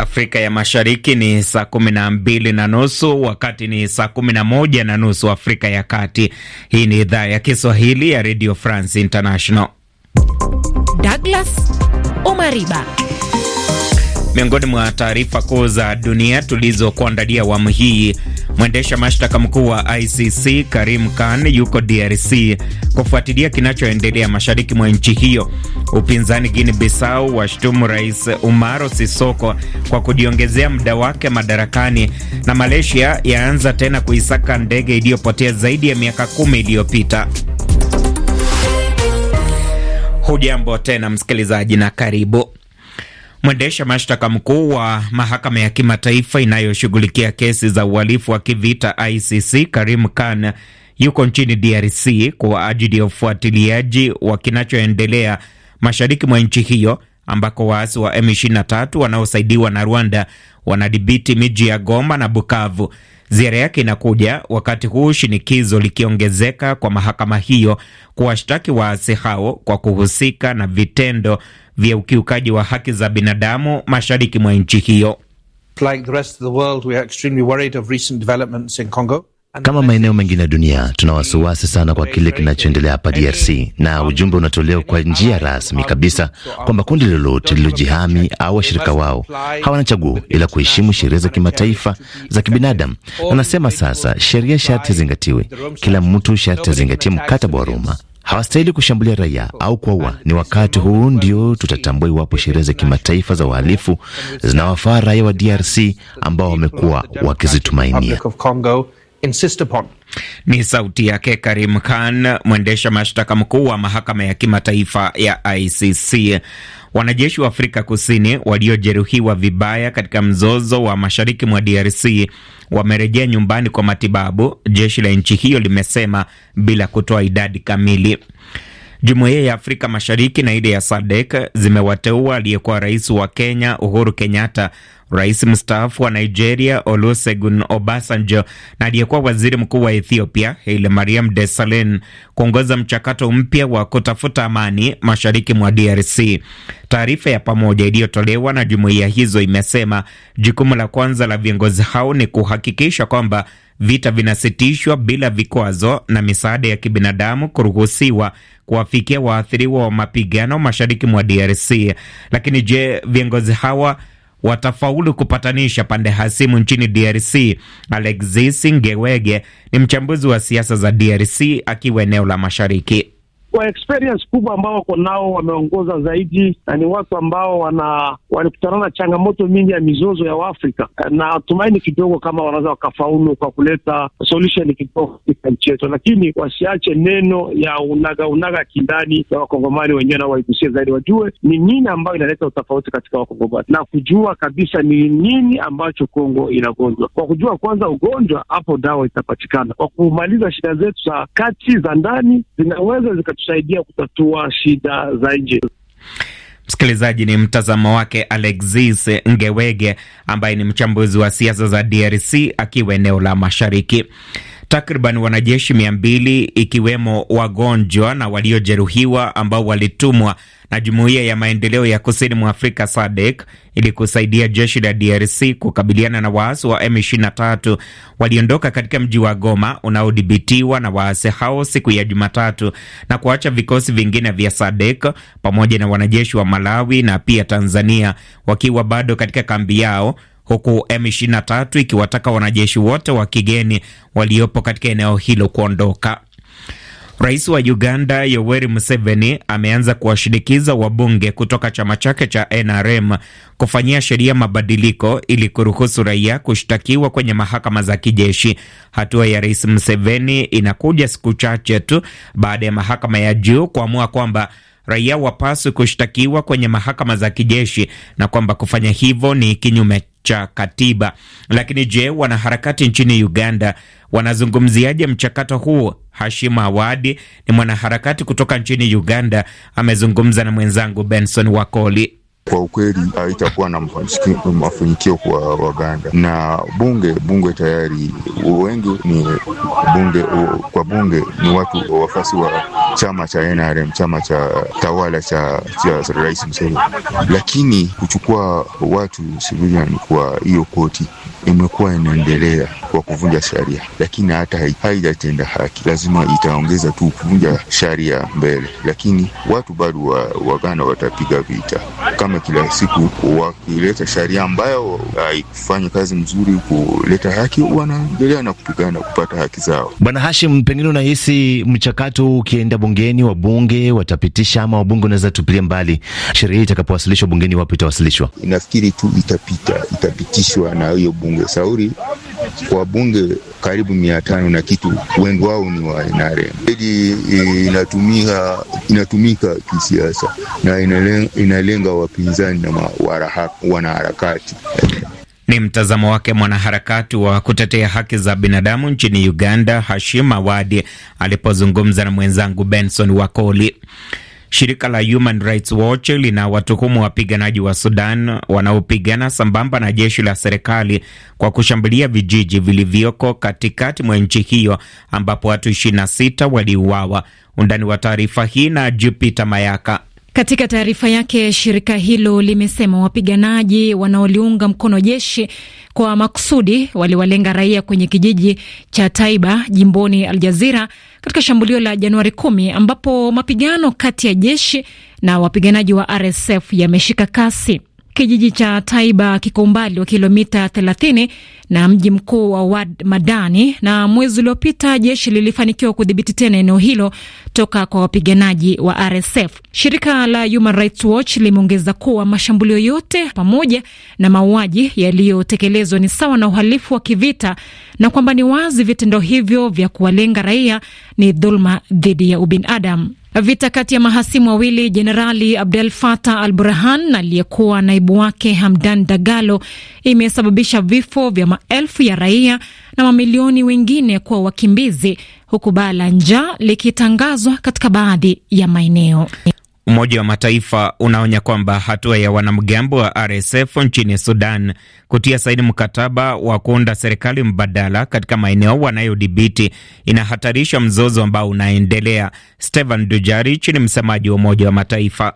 Afrika ya Mashariki ni saa kumi na mbili na nusu wakati ni saa kumi na moja na nusu Afrika ya Kati. Hii ni idhaa ya Kiswahili ya Radio France International. Douglas Omariba miongoni mwa taarifa kuu za dunia tulizokuandalia awamu hii Mwendesha mashtaka mkuu wa ICC Karim Khan yuko DRC kufuatilia kinachoendelea mashariki mwa nchi hiyo. Upinzani Guini Bissau washtumu Rais Umaro Sisoko kwa kujiongezea muda wake madarakani, na Malaysia yaanza tena kuisaka ndege iliyopotea zaidi ya miaka kumi iliyopita. Hujambo tena msikilizaji, na karibu. Mwendesha mashtaka mkuu wa mahakama ya kimataifa inayoshughulikia kesi za uhalifu wa kivita ICC Karim Khan yuko nchini DRC kwa ajili ya ufuatiliaji wa kinachoendelea mashariki mwa nchi hiyo ambako waasi wa M23 wanaosaidiwa na Rwanda wanadhibiti miji ya Goma na Bukavu. Ziara yake inakuja wakati huu shinikizo likiongezeka kwa mahakama hiyo kuwashtaki waasi hao kwa kuhusika na vitendo vya ukiukaji wa haki za binadamu mashariki mwa nchi hiyo. Like the rest of the world, we are extremely worried of recent developments in Congo. Kama maeneo mengine ya dunia, tuna wasiwasi sana kwa kile kinachoendelea hapa DRC, na ujumbe unatolewa kwa njia rasmi kabisa kwamba kundi lolote lililojihami au washirika wao hawana chaguo ila kuheshimu sheria za kimataifa za kibinadamu. Na nasema sasa, sheria sharti zingatiwe, kila mtu sharti azingatie mkataba wa Roma. Hawastahili kushambulia raia au kuwaua. Ni wakati huu ndio tutatambua iwapo sheria za kimataifa za uhalifu zinawafaa raia wa DRC ambao wamekuwa wakizitumainia insist upon. Ni sauti yake Karim Khan, mwendesha mashtaka mkuu wa mahakama ya kimataifa ya ICC. Wanajeshi wa Afrika Kusini waliojeruhiwa vibaya katika mzozo wa mashariki mwa DRC wamerejea nyumbani kwa matibabu, jeshi la nchi hiyo limesema bila kutoa idadi kamili. Jumuiya ya Afrika Mashariki na ile ya SADC zimewateua aliyekuwa rais wa Kenya Uhuru Kenyatta, rais mstaafu wa Nigeria Olusegun Obasanjo na aliyekuwa waziri mkuu wa Ethiopia Haile Mariam Desalegn kuongoza mchakato mpya wa kutafuta amani mashariki mwa DRC. Taarifa ya pamoja iliyotolewa na jumuiya hizo imesema jukumu la kwanza la viongozi hao ni kuhakikisha kwamba vita vinasitishwa bila vikwazo na misaada ya kibinadamu kuruhusiwa kuwafikia waathiriwa wa mapigano mashariki mwa DRC. Lakini je, viongozi hawa watafaulu kupatanisha pande hasimu nchini DRC? Alexis Ngewege ni mchambuzi wa siasa za DRC akiwa eneo la mashariki kwa experience kubwa ambao wako nao, wameongoza zaidi na ni watu ambao wana walikutana na changamoto mingi ya mizozo ya Afrika na tumaini kidogo kama wanaweza wakafaulu kwa kuleta solution kidogo katika nchi yetu, lakini wasiache neno ya unaga unaga kindani ya wakongomani wenyewe, na waigusie zaidi, wajue ni nini ambayo inaleta utofauti katika wakongomani na kujua kabisa ni nini ambacho Kongo inagonjwa. Kwa kujua kwanza ugonjwa, hapo dawa itapatikana. Kwa kumaliza shida zetu za kati za ndani, zinaweza zikatu kusaidia kutatua shida za nje. Msikilizaji, ni mtazamo wake Alexis Ngewege ambaye ni mchambuzi wa siasa za DRC akiwa eneo la mashariki. Takriban wanajeshi mia mbili ikiwemo wagonjwa na waliojeruhiwa ambao walitumwa na Jumuiya ya Maendeleo ya Kusini mwa Afrika SADC ili kusaidia jeshi la DRC kukabiliana na waasi wa M23 waliondoka katika mji wa Goma unaodhibitiwa na waasi hao siku ya Jumatatu na kuacha vikosi vingine vya SADC pamoja na wanajeshi wa Malawi na pia Tanzania wakiwa bado katika kambi yao huku M23 ikiwataka wanajeshi wote wa kigeni waliopo katika eneo hilo kuondoka. Rais wa Uganda Yoweri Museveni ameanza kuwashinikiza wabunge kutoka chama chake cha NRM kufanyia sheria mabadiliko ili kuruhusu raia kushtakiwa kwenye mahakama za kijeshi. Hatua ya Rais Museveni inakuja siku chache tu baada ya mahakama ya juu kuamua kwamba raia wapaswi kushtakiwa kwenye mahakama za kijeshi na kwamba kufanya hivyo ni kinyume cha katiba. Lakini je, wanaharakati nchini Uganda wanazungumziaje mchakato huo? Hashima Awadi ni mwanaharakati kutoka nchini Uganda, amezungumza na mwenzangu Benson Wakoli. Kwa ukweli haitakuwa na mafanikio kwa Waganda na bunge bunge tayari wengi ni bunge kwa bunge ni watu wafasi wa chama cha NRM, chama cha tawala cha, cha Rais Museveni, lakini kuchukua watu civilian kwa hiyo koti imekuwa inaendelea kwa kuvunja sharia, lakini hata haijatenda haki. Lazima itaongeza tu kuvunja sharia mbele, lakini watu bado wa, wagana watapiga vita kama kila siku, wakileta sharia ambayo haikufanya kazi mzuri kuleta haki, wanaendelea na kupigana kupata haki zao. Bwana Hashim, pengine unahisi mchakato ukienda bungeni, wabunge watapitisha ama wabunge unaweza tupilia mbali sheria hii itakapowasilishwa bungeni? Wapo itawasilishwa, nafikiri tu itapita, itapitishwa na hiyo bunge sauri wabunge karibu mia tano na kitu, wengi wao ni wa NRM. Ili inatumika, inatumika kisiasa na inalenga, inalenga wapinzani na wanaharakati. Ni mtazamo wake mwanaharakati wa kutetea haki za binadamu nchini Uganda, Hashim Awadi, alipozungumza na mwenzangu Benson Wakoli. Shirika la Human Rights Watch lina watuhumu wapiganaji wa Sudan wanaopigana sambamba na jeshi la serikali kwa kushambulia vijiji vilivyoko katikati mwa nchi hiyo ambapo watu 26 waliuawa. Undani wa taarifa hii na Jupiter Mayaka. Katika taarifa yake, shirika hilo limesema wapiganaji wanaoliunga mkono jeshi kwa makusudi waliwalenga raia kwenye kijiji cha Taiba jimboni Aljazira katika shambulio la Januari kumi ambapo mapigano kati ya jeshi na wapiganaji wa RSF yameshika kasi. Kijiji cha Taiba kiko umbali wa kilomita 30 na mji mkuu wa Wad Madani, na mwezi uliopita jeshi lilifanikiwa kudhibiti tena eneo hilo toka kwa wapiganaji wa RSF. Shirika la Human Rights Watch limeongeza kuwa mashambulio yote pamoja na mauaji yaliyotekelezwa ni sawa na uhalifu wa kivita na kwamba ni wazi vitendo hivyo vya kuwalenga raia ni dhuluma dhidi ya ubinadamu. Vita kati ya mahasimu wawili Jenerali Abdel Fattah al Burhan aliyekuwa naibu wake Hamdan Dagalo imesababisha vifo vya maelfu ya raia na mamilioni wengine kuwa wakimbizi huku baa la njaa likitangazwa katika baadhi ya maeneo. Umoja wa Mataifa unaonya kwamba hatua ya wanamgambo wa RSF nchini Sudan kutia saini mkataba wa kuunda serikali mbadala katika maeneo wanayodhibiti inahatarisha mzozo ambao unaendelea. Stephane Dujarric ni msemaji wa Umoja wa Mataifa.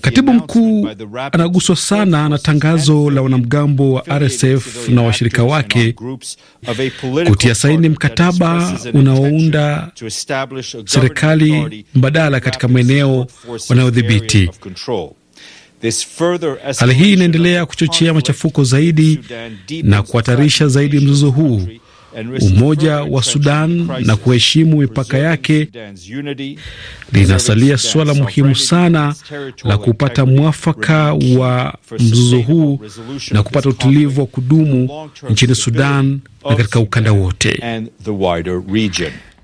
Katibu mkuu anaguswa sana na tangazo la wanamgambo wa RSF na washirika wake kutia saini mkataba unaounda serikali mbadala katika maeneo wanayodhibiti. Hali hii inaendelea kuchochea machafuko zaidi na kuhatarisha zaidi mzozo huu umoja wa Sudan na kuheshimu mipaka yake linasalia suala muhimu sana la kupata mwafaka wa mzozo huu na kupata utulivu wa kudumu nchini Sudan na katika ukanda wote.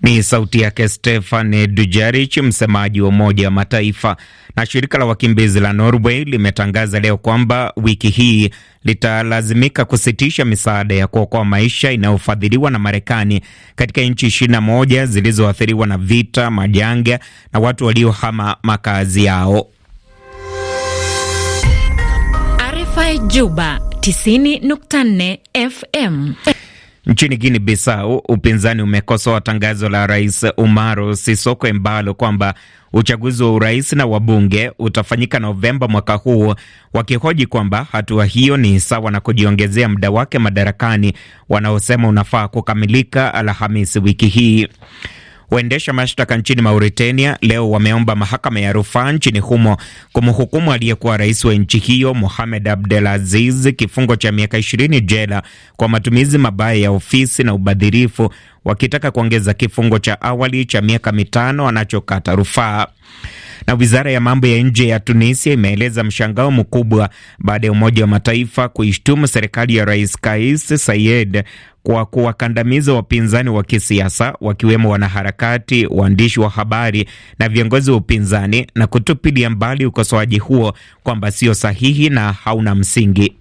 Ni sauti yake Stefan dujarich msemaji wa Umoja wa Mataifa. Na shirika la wakimbizi la Norway limetangaza leo kwamba wiki hii litalazimika kusitisha misaada ya kuokoa maisha inayofadhiliwa na Marekani katika nchi ishirini na moja zilizoathiriwa na vita, majanga na watu waliohama makazi yao. RFI Juba 90.4 FM Nchini Guinea Bissau, upinzani umekosoa tangazo la Rais Umaro Sisoko Embalo kwamba uchaguzi wa urais na wabunge utafanyika Novemba mwaka huu, wakihoji kwamba hatua hiyo ni sawa na kujiongezea muda wake madarakani, wanaosema unafaa kukamilika Alhamisi wiki hii. Waendesha mashtaka nchini Mauritania leo wameomba mahakama ya rufaa nchini humo kumhukumu aliyekuwa rais wa nchi hiyo Mohamed Abdel Aziz kifungo cha miaka ishirini jela kwa matumizi mabaya ya ofisi na ubadhirifu, wakitaka kuongeza kifungo cha awali cha miaka mitano anachokata rufaa. Na wizara ya mambo ya nje ya Tunisia imeeleza mshangao mkubwa baada ya Umoja wa Mataifa kuishtumu serikali ya Rais Kais Saied kwa kuwakandamiza wapinzani wa kisiasa wakiwemo wanaharakati, waandishi wa habari na viongozi wa upinzani na kutupilia mbali ukosoaji huo kwamba sio sahihi na hauna msingi.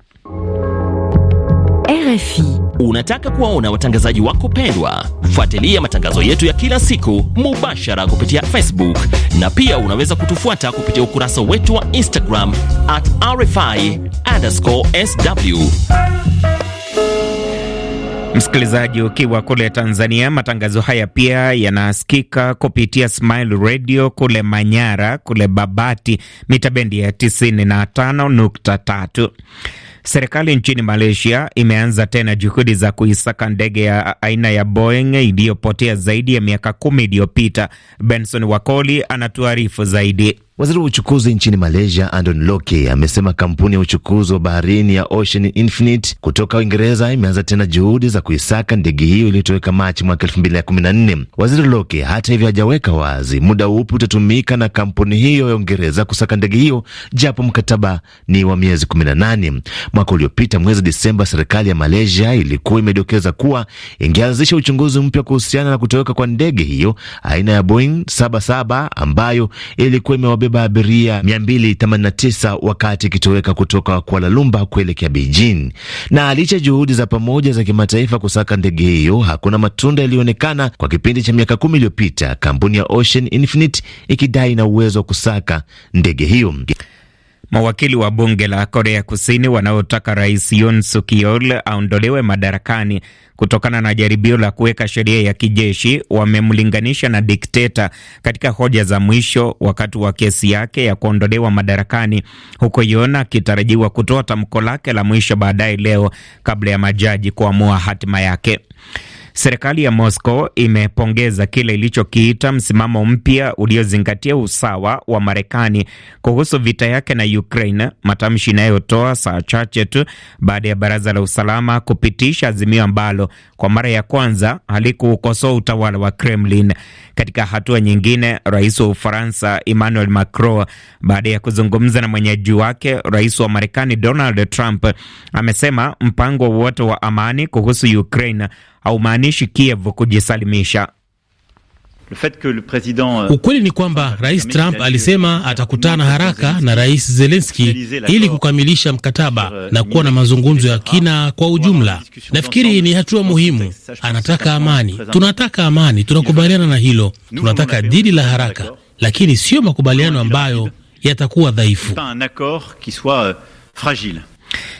RFI. Unataka kuwaona watangazaji wako pendwa? Fuatilia matangazo yetu ya kila siku mubashara kupitia Facebook na pia unaweza kutufuata kupitia ukurasa wetu wa Instagram at RFI underscore sw. Msikilizaji, ukiwa kule Tanzania, matangazo haya pia yanasikika kupitia Smile Radio kule Manyara, kule Babati, mita bendi ya 95.3. Serikali nchini Malaysia imeanza tena juhudi za kuisaka ndege ya aina ya Boeing iliyopotea zaidi ya miaka kumi iliyopita. Benson Wakoli anatuarifu zaidi. Waziri wa uchukuzi nchini Malaysia, Anton Loke, amesema kampuni ya uchukuzi wa baharini ya Ocean Infinite kutoka Uingereza imeanza tena juhudi za kuisaka ndege hiyo iliyotoweka Machi mwaka nne. Waziri Loke hata hivyo hajaweka wazi muda upi utatumika na kampuni hiyo ya Uingereza kusaka ndege hiyo, japo mkataba ni wa miezi nane. Mwaka uliopita mwezi Disemba, serikali ya Malaysia ilikuwa imedokeza kuwa ingeanzisha uchunguzi mpya kuhusiana na kutoweka kwa ndege hiyo aina ya Boeing 777 ambayo ilikuwa imewabeba ilibeba abiria 289 wakati ikitoweka kutoka Kuala Lumpur kuelekea Beijing. Na licha juhudi za pamoja za kimataifa kusaka ndege hiyo, hakuna matunda yaliyoonekana kwa kipindi cha miaka kumi iliyopita, kampuni ya Ocean Infinite ikidai na uwezo wa kusaka ndege hiyo. Mawakili wa bunge la Korea Kusini wanaotaka rais Yoon Suk Yeol aondolewe madarakani kutokana na jaribio la kuweka sheria ya kijeshi wamemlinganisha na dikteta katika hoja za mwisho wakati wa kesi yake ya kuondolewa madarakani, huko yon akitarajiwa kutoa tamko lake la mwisho baadaye leo kabla ya majaji kuamua hatima yake. Serikali ya Moscow imepongeza kile ilichokiita msimamo mpya uliozingatia usawa wa Marekani kuhusu vita yake na Ukraine, matamshi inayotoa saa chache tu baada ya baraza la usalama kupitisha azimio ambalo kwa mara ya kwanza halikuukosoa utawala wa Kremlin. Katika hatua nyingine, rais wa Ufaransa Emmanuel Macron, baada ya kuzungumza na mwenyeji wake rais wa Marekani Donald Trump, amesema mpango wowote wa amani kuhusu Ukraine haumaanishi Kiev kujisalimisha. Euh, Ukweli ni kwamba Rais Trump alisema atakutana haraka na Rais Zelensky ili kukamilisha mkataba euh, na kuwa na mazungumzo ya kina kwa ujumla. Nafikiri ni hatua muhimu. Anataka amani, tunataka amani, tunakubaliana na hilo. Tunataka dili la haraka, lakini siyo makubaliano ambayo yatakuwa dhaifu.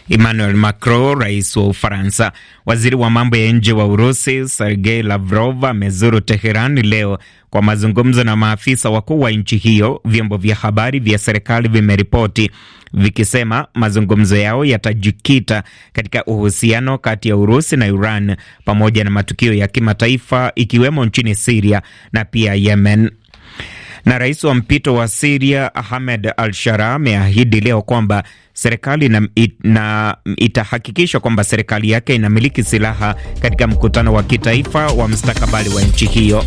Emmanuel Macron, rais wa Ufaransa. Waziri wa mambo ya nje wa Urusi Sergei Lavrov amezuru teheran leo kwa mazungumzo na maafisa wakuu wa nchi hiyo, vyombo vya habari vya serikali vimeripoti vikisema mazungumzo yao yatajikita katika uhusiano kati ya Urusi na Iran pamoja na matukio ya kimataifa ikiwemo nchini Siria na pia Yemen. Na rais wa mpito wa Siria Ahmed al shara ameahidi leo kwamba serikali na, it, na itahakikisha kwamba serikali yake inamiliki silaha katika mkutano wa kitaifa wa mstakabali wa nchi hiyo.